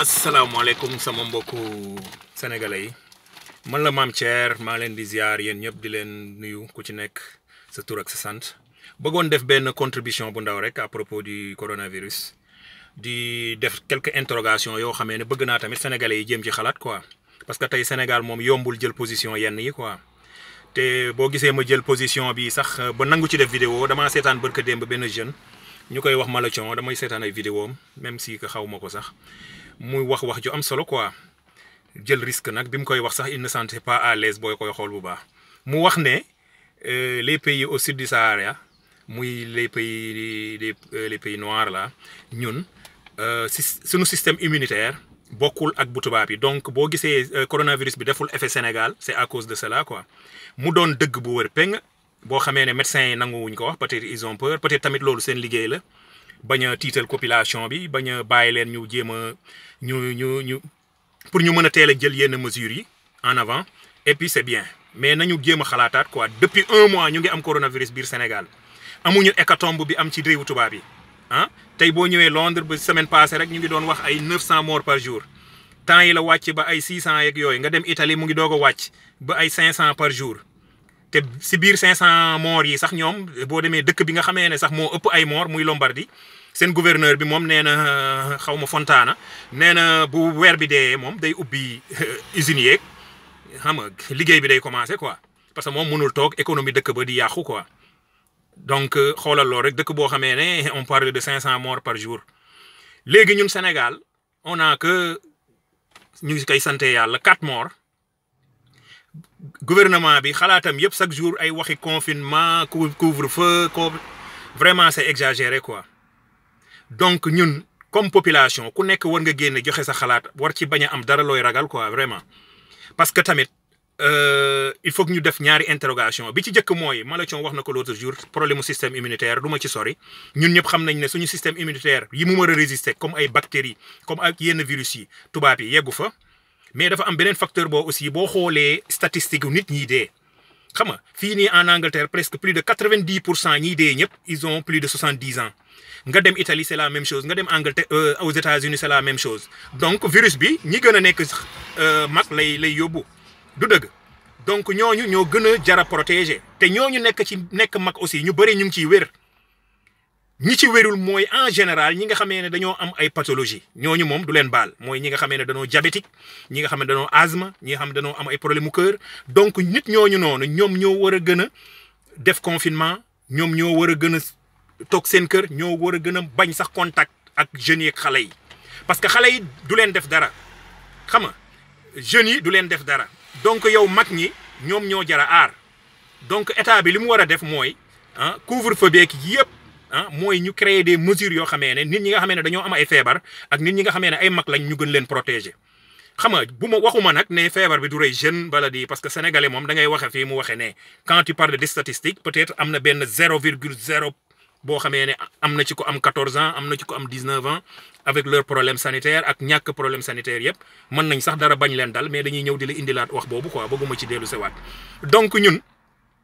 asalaamaaleykum sama mbokku sénégalais yi man la mam Thier ma len di ziar yéen ñep di len nuyu ku ci nek sa tour ak sa sante bëggoon def ben contribution bu ndaw rek à propos du coronavirus di def quelques interrogations yo xamé ne bëgg naa tamit sénégalais yi jëm ci xalaat quoi parce que tay Sénégal mom yombul jël position yenn yi quoi té bo gisé ma jël position bi sax euh, ba nangu ci def vidéo dama sétane barka demb ben jeune ñu wax malachon damay sétane ay vidéo même si xaw xawmako sax muy wax wax ju am solo quoi jël risque nag Bim koy wax sax il ne sentait pas à l'aise boy koy xol bu baax mu wax ne euh, les pays au sud du Sahara muy les pays euh, les pays noirs là ñun euh suñu système immunitaire bokul ak butuba bi donc bo gisee euh, coronavirus bi deful effet Sénégal c'est à cause de cela quoi mu don deug bu wër peng bo xamé né médecins yi ko wax peut-être ils ont peur peut-être tamit lolu seen liggéey la baña titel population bi baña a len ñu jema ñu ñu ñu pour ñu mëna a jël yenn mesures yi en avant et puis c'est bien mais nañu jema a xalaataat quoi depuis un mois ñu ngi am coronavirus biir Sénégal amuñu hécatombe bi am ci réewu tubaab bi ah tay bo ñëwé Londres bu semaine passée rek ñu ngi doon wax ay 900 morts par jour temps yi la wacc ba ay 600 yeeg yoy nga dem Italie mu ngi dogo a ba ay 500 par jour te si biir 500 morts yi sax ñom bo démé dëkk bi nga xamé né sax mo ëpp ay morts muy Lombardie sen gouverneur bi mom néna euh, xawma Fontana néna bu wër bi dé mom day ubbi euh, usine yeeg xam nga liggéey bi day commencer quoi parce que mom mënul tok économie dëkk ba di yaxu quoi. donc euh, xolal lo rek dëkk bo xamé né on parle de 500 morts par jour légui ñun Sénégal on a que ñu ngi koy sant 4 morts gouvernement bi xalaatam yëpp chaque jour ay waxi confinement couvre-feu vraiment c'est exagéré quoi donc ñun comme population ku nekk war nga génne joxe sa xalaat war ci bañ a am dara looy ragal quoi vraiment parce que tamit euh, il faut que ñu def ñaari interrogation bi ci njëkk mooy Malathion wax na ko l'autre jour problème système immunitaire du ma ci sori ñun ñëpp xam nañ ne suñu système immunitaire yi mu mën a résister comme ay bactéries comme ak yenn virus yi tubaab yi yeggu fa mais dafa am benen facteur bo aussi bo xolé statistique nit ñi dé xam nga fini en Angleterre presque plus de 90% ñi dé ñep ils ont plus de 70 ans nga dem Italie c'est la même chose nga dem Angleterre euh, aux États-Unis c'est la même chose donc virus bi ñi gëna nek euh, mak lay lay yobbu du deug donc ñoñu ño gëna jara protéger te ñoñu nek ci nek mak aussi ñu bari ñu ci wër ñi en général ñi nga xamé pathologies. dañoo am ay pathologie ñoñu mom du leen baal moy ñi nga dañoo diabétique ñi nga dañoo asthme ñi cœur donc nit des def confinement ñom ñoo wara gëna tok seen contact ak jeunes yi parce que yi du def dara xam nga jeunes yi du donc yow mag ñi ñom jara donc état bi des def ah, couvre-feu ah mooy ñu créer des mesures yoo xamee ne nit ñi nga xamee ne dañoo am ay feebar ak nit ñi nga xamee ne ay mag lañ ñu gën leen protéger. xam nga bu ma waxuma nag ne feebar bi du rey jeune bala di parce que sénégalais moom da ngay waxe fii mu waxe ne quand tu parles de statistiques peut-être am na benn zéro virgule zéro boo xamee ne am na ci ko am 14 ans am na ci ko am 19 ans avec leur problème sanitaire ak ñàkk problème sanitaire yëpp mën nañ sax dara bañ leen dal mais dañuy ñëw di la indilaat wax boobu quoi bëgguma ci dellu sewaat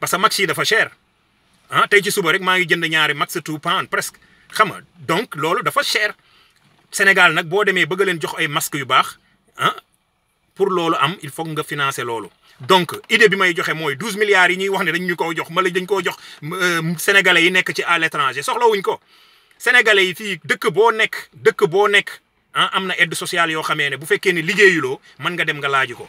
parce que max yi dafa cher hein ah, tay ci suba rek maa ngi jënd ñaari max two pound presque xam nga donc lolu dafa cher Sénégal nak bo démé bëgg leen jox ay masque yu bax hein ah, pour lolu am il faut nga financer lolu donc idée bi may joxe moy 12 milliards yi ñi wax ni dañ ñu ko jox mala dañ ko jox euh, sénégalais yi nek ci à l'étranger soxlawuñ ko sénégalais yi fi dëkk bo nek dëkk bo nek ah am aide sociale yo xamé ne bu fekkee ni liggéeyuloo man nga dem nga laaju ko.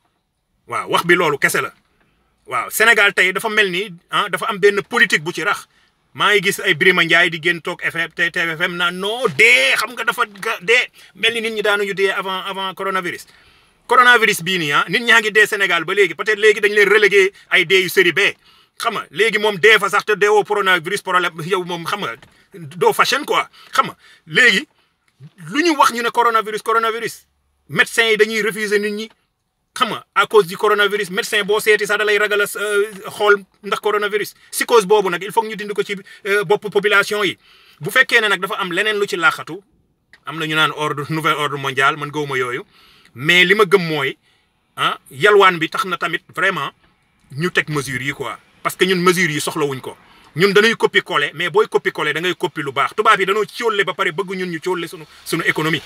waaw wax bi loolu kese la waaw Sénégal tey dafa mel ni ah dafa am benn politique bu ci rax maa ngi gis ay Birima Ndiaye di génn toog FM TFM naan non dee xam nga dafa dee mel ni nit ñi daanuñu dee avant avant coronavirus. coronavirus bii nii ah nit ñaa ngi dee Sénégal ba léegi peut léegi dañ leen relégué ay dee yu série B xam nga léegi moom dee fa sax te deewoo coronavirus problème yow moom xam nga doo fashion koi xam nga léegi lu ñu wax ñu ne coronavirus coronavirus médecins yi dañuy refuser nit ñi. à cause du coronavirus médecin boo seeti sax da lay ragal a euh, ndax coronavirus si cause boobu nag il faut ñu dind ko ci euh, bopp population yi bu fekkee ne nag dafa am leneen lu ci na ñu ordre nouvel ordre mondial mais ce ma gëm mooy ah, yalwaan bi na tamit vraiment ñu mesures parce que ñun Nous yi soxlawuñ ko ñun dañuy copier coller mais booy copier coller da ngay copier lu baax tubaab Nous devons faire ba pare bëgg ñun ñu économie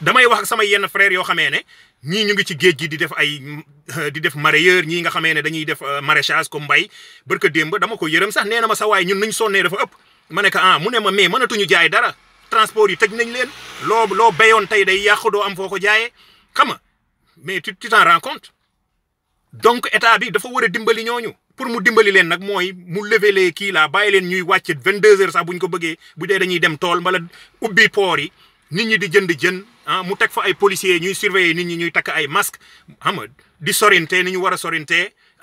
damay wax ak sama yenn frère yoo xamee ne ñii ñu ngi ci géej gi di def ay di def mareyeur ñii nga xamee ne dañuy def euh, maraîchage ko mbay barka démb dama ko yërëm sax nee na ma sa waay ñun nañ sonnee dafa ëpp ma ne ko ah mu ne ma mais mënatuñu jaay dara transport yi tëj nañ leen loo loo béyoon tey day yàqu doo am foo ko jaaye xam nga mais tu tu t'en donc état bi dafa war a dimbali ñooñu pour mu dimbali leen nag mooy mu lever les kii laa bàyyi leen ñuy wàcc vingt deux heures sax bu ñu ko bëggee bu dee dañuy dem tool mbala ubbi poor yi nit ñi di jënd han ah, mu tek fa ay policiers ñuy surveiller nit ñi ñuy tak ay masques xam nga di sorinte ni ñu wara a han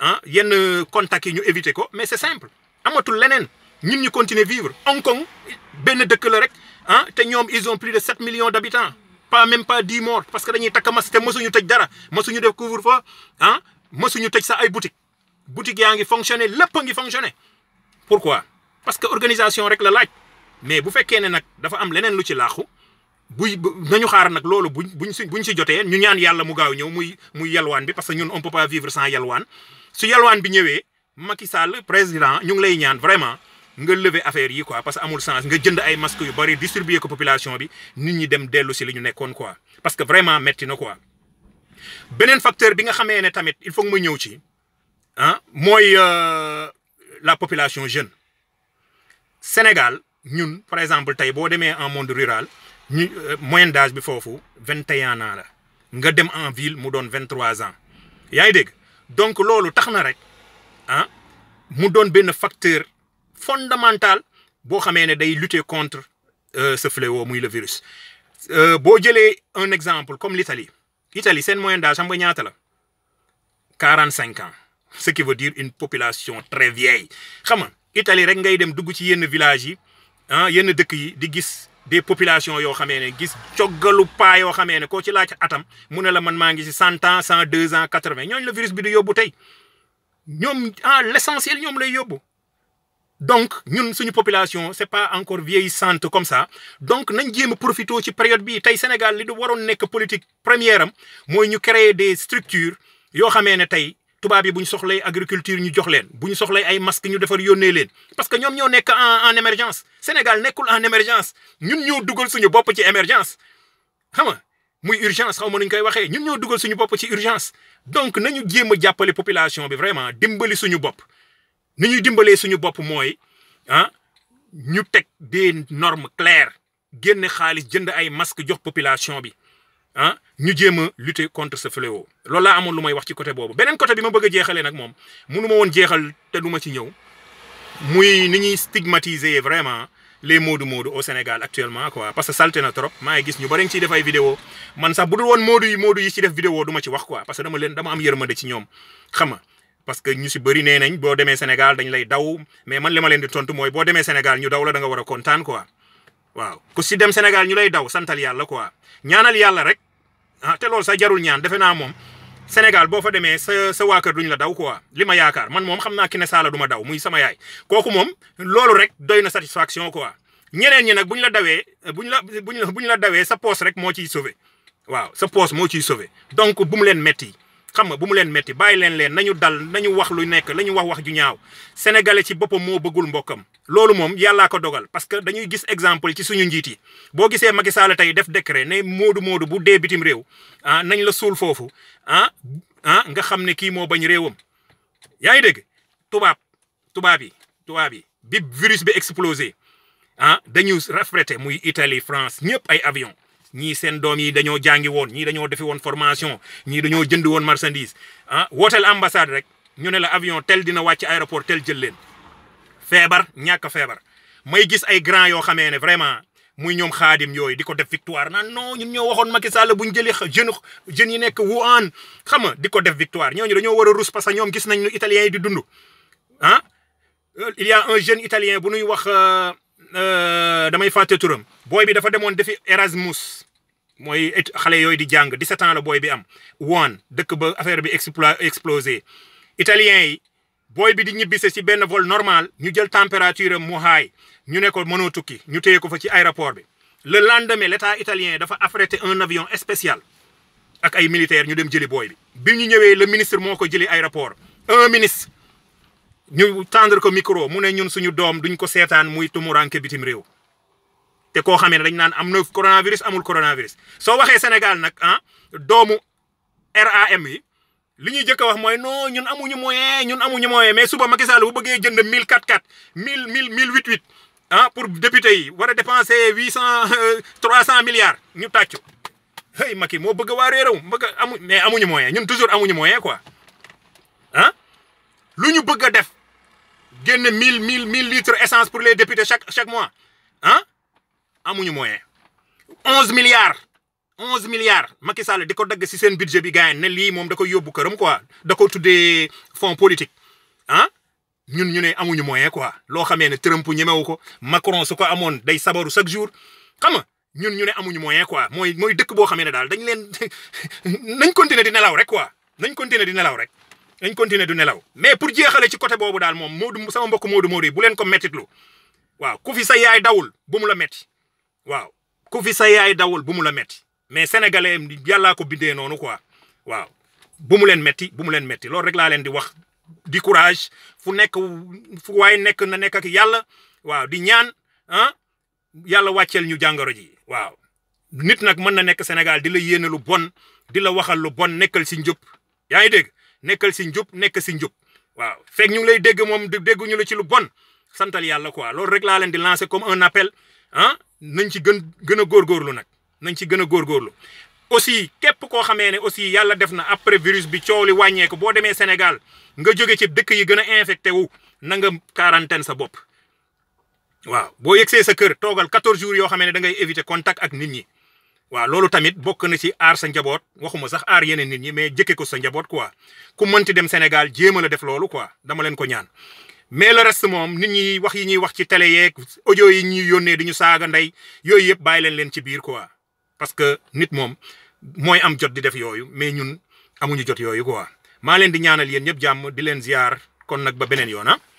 ah, yenn contact yi ñu éviter ko mais c'est simple amatul lenen ñun ñi continuer vivre Hong Kong ben dëkk le rek han ah, te ñom ils ont plus de sept millions d'habitants pas même pas dix morts parce que dañuy tak masque te mësuñu tej dara mësuñu def couvre-feu han mësuñu tej sa ay boutiques boutiques yaangi fonctionner lépp ngi fonctionner pourquoi parce que organisation rek la laaj mais bu fekkee ne nag dafa am lenen lu ci laaxu buy nañu xaar nak lolu buñ buñ si buñ ñu ñaan yalla mu gaaw ñew muy muy yalwaan bi parce que ñun on peut pas vivre sans yalwaan su yalwaan bi ñewé Macky Sall président ñu ngi lay ñaan vraiment nga lever affaire yi quoi parce que amul sens nga jënd ay masque yu bari distribuer ko population bi nit ñi dem dellu si li ñu nekkoon quoi parce que vraiment metti na quoi. benen facteur bi nga xamé né tamit il faut que ma ñew ci hein ah, moy euh, la population jeune Sénégal ñun par exemple tay bo démé en monde rural ñu euh, moyenne d'âge bi fofu 21 ans la nga dem en ville mu doon donne ans Donc, ce donc lolu taxna rek ah mu donne un facteur fondamental pour day lutter contre euh, ce fléau muy le virus euh, bo jélé un exemple comme l'Italie Italie un moyen d'âge 45 la ans ce qui veut dire une population très vieille xam nga Italie rek ngay dem dugg ci yenn villages yi ah, yenn yi di gis des populations yo xamee ne gis ciogalu pa yo xamee ko ci lacc atam mune la man mangi ci cent ans cent deux ans quatre vingt le virus bi du yóbbu tay ñom en l'essentiel ñom lay yóbbu donc ñun suñu population c'est pas encore vieillissante comme ça donc nañ jéem profito ci période bi tay Sénégal li du waroon nek politique première am mooy ñu créer des structures yo xamee tay tubaab yi bu ñu soxlay agriculture ñu jox leen bu soxlay ay masque ñu defar yónnee leen parce que ñoom ñoo nekk en en émergence Sénégal nekkul en émergence ñun ñoo dugal suñu bopp ci émergence xam nga muy urgence xaw ma koy waxee ñun ñoo dugal suñu ci urgence donc nañu jéem a population bi vraiment dimbali suñu bopp ni ñuy dimbalee suñu bopp mooy ah ñu des normes claires génne xaalis jënd ay masques la population nous ah, ñu lutter contre ce fléau ce que je lu dire wax ci côté que je côté bi ma bëgg a nak que moom ma que jeexal ci muy stigmatiser vraiment les modes au Sénégal actuellement parce que salté na trop gis ñu bari def ay vidéo man sax que won yi yi ci def vidéo duma parce que dama leen dama am yërmande ci ñom xam parce que ñu ci Sénégal dañ lay daw mais man di tontu Sénégal ñu daw la da nga quoi. waaw ku si dem Sénégal ñu lay daw santal yàlla quoi ñaanal yàlla rek ah te loolu sa jarul ñaan defe naa moom Sénégal boo fa demee sa sa waa kër duñ la daw quoi li ma yaakaar man moom xam naa ki ne saala du ma daw muy sama yaay kooku moom loolu rek doy na satisfaction quoi ñeneen ñi nag ñu la dawee buñ la buñ la buñ la dawee sa poos rek moo ciy sauvé waaw sa poos moo ciy sauvé donc bu mu leen metti xam nga bu mu leen métti bàyyi leen leen nañu dal nañu wax lu nekk lañu ñu wax wax ju ñaaw sénégalais ci boppam moo bëggul mbokkam loolu moom yàllaa ko dogal parce que dañuy gis exemple ci suñu njiit yi boo gisee Macky Sall tey def décret ne moodu moodu bu dee bitim réew ah nañ la suul foofu ah ah nga xam ne kii moo bañ réewam yaa ngi dégg tubaab tubaab yi tubaab yi bi virus bi explosé ah dañu rafrete muy itali France ñëpp ay avion ñii seen doom yi dañoo jàngi woon ñii dañoo defi woon formation ñii dañoo jënd woon marchandise ah wooteel ambassade rek ñu ne la avion tel dina wàcc aéroport tel jël leen feebar ñàkk feebar may gis ay grand yoo xamee ne vraiment muy ñoom xaadim yooyu di ko def victoire naan noo ñun ñoo waxoon Macky Sall bu ñu jëlee jeune jeunes yi nekk Wuhan xam nga di ko def victoire ñooñu dañoo war a rus parce que ñoom gis nañ nu italiens yi di dund ah il y a un jeune italien bu ñuy wax euh, Euh, damay fàtte turam booy bi dafa demoon defi Erasmus mooy xale yooyu di jàng di ans la booy bi am woon dëkk ba affaire bi explo explosé italien yi booy bi di ñibbise si benn vol normal ñu jël température am mu haay ñu ne ko mënoo tukki ñu téye ko fa ci aéroport bi le lendemain l'état italien dafa affrété un avion spécial ak ay militaire ñu dem jëli booy bi bi ñu ñëwee le ministre moo ko jëli aéroport un ministre ñu tendre ko micro mu ne ñun suñu doom duñ ko seetaan muy tumuranke bitim réew te koo xamee ne dañ naan am na coronavirus amul coronavirus so waxee Sénégal nag ah doomu RAM yi li ñu jëkk a wax mooy non ñun amuñu moyen ñun amuñu moyen mais suba Macky Sall bu bëggee jënd mille quatre quatre mille mille mille huit huit ah pour député yi war a dépenser cent euh, trois cent milliards ñu tàccu hey Macky moo bëgg waa réew bëgg amu mais amuñu moyen ñun toujours amuñu moyen quoi ah lu ñu bëgg a def. génn 1000 1000 1000 litres essence pour les députés chaque chaque mois ah amuñu moyen 11 milliards 11 milliards Macky Sall di ko dagg ci seen budget bi gars ne li, mom, da koy yóbbu këram quoi da ko tuddee fonds politique Hein? ñun ñu ne amuñu moyen quoi loo xamee ne Trump ñemewu ko Macron su ko amoon day sabaru chaque jour xam nga ñun ñu ne amuñu moyen quoi mooy mooy dëkk boo xamee ne daal dañ leen nañ continuer di nelaw rek quoi nañ continuer di nelaw rek. nañ continuer du nelaw mais pour jeexale ci côté boobu daal moom Moodu sama mbokk Moodu Moodu yi ko mettitlu waaw ku fi sa yaay dawul bu la metti waaw ku fi sa dawul bu mu la metti mais sénégalais yàllaa ko bindee noonu quoi waaw bu mu leen metti bu mu leen metti loolu rek laa di wax di courage fu nekk fu waaye nekk na nekk ak yàlla waaw di ñaan ah yàlla wàcceel ñu jàngoro ji waaw nit nag mën na nekk Sénégal di la yéene lu bon di la waxal lu bon nekkal si njub yaa ngi dégg nekkal si njub nekk si njub waaw fekk ñu lay dégg moom dégguñu la ci lu bon santal yàlla quoi loolu rek laa leen di lancer comme un appel ah nañ ci gën gën a góor góorgóorlu nag nañ ci gën a góor góorgóorlu aussi képp koo xamee ne aussi yàlla def na après virus bi coow li wàññeeku boo demee Sénégal nga jóge ci dëkk yi gën a infecté wu nanga nga sa bopp waaw boo yegsee sa kër toogal 14 jours yoo xam ne da ngay éviter contact ak nit ñi waaw loolu tamit bokk na ci aar sa njaboot waxuma sax aar yeneen nit ñi mais jëkke ko sa njaboot quoi ku mënti dem Sénégal jéem def loolu quoi dama leen ko ñaan. mais le reste moom nit ñi wax yi ñuy wax ci télé yeeg audio yi ñuy yónnee di ñu saaga ndey yooyu yëpp bàyyi leen leen ci biir quoi parce que nit moom mooy am jot di def yooyu mais ñun amuñu jot yooyu quoi maa leen di ñaanal yéen ñëpp jàmm di leen ziar kon nag ba beneen yoon ah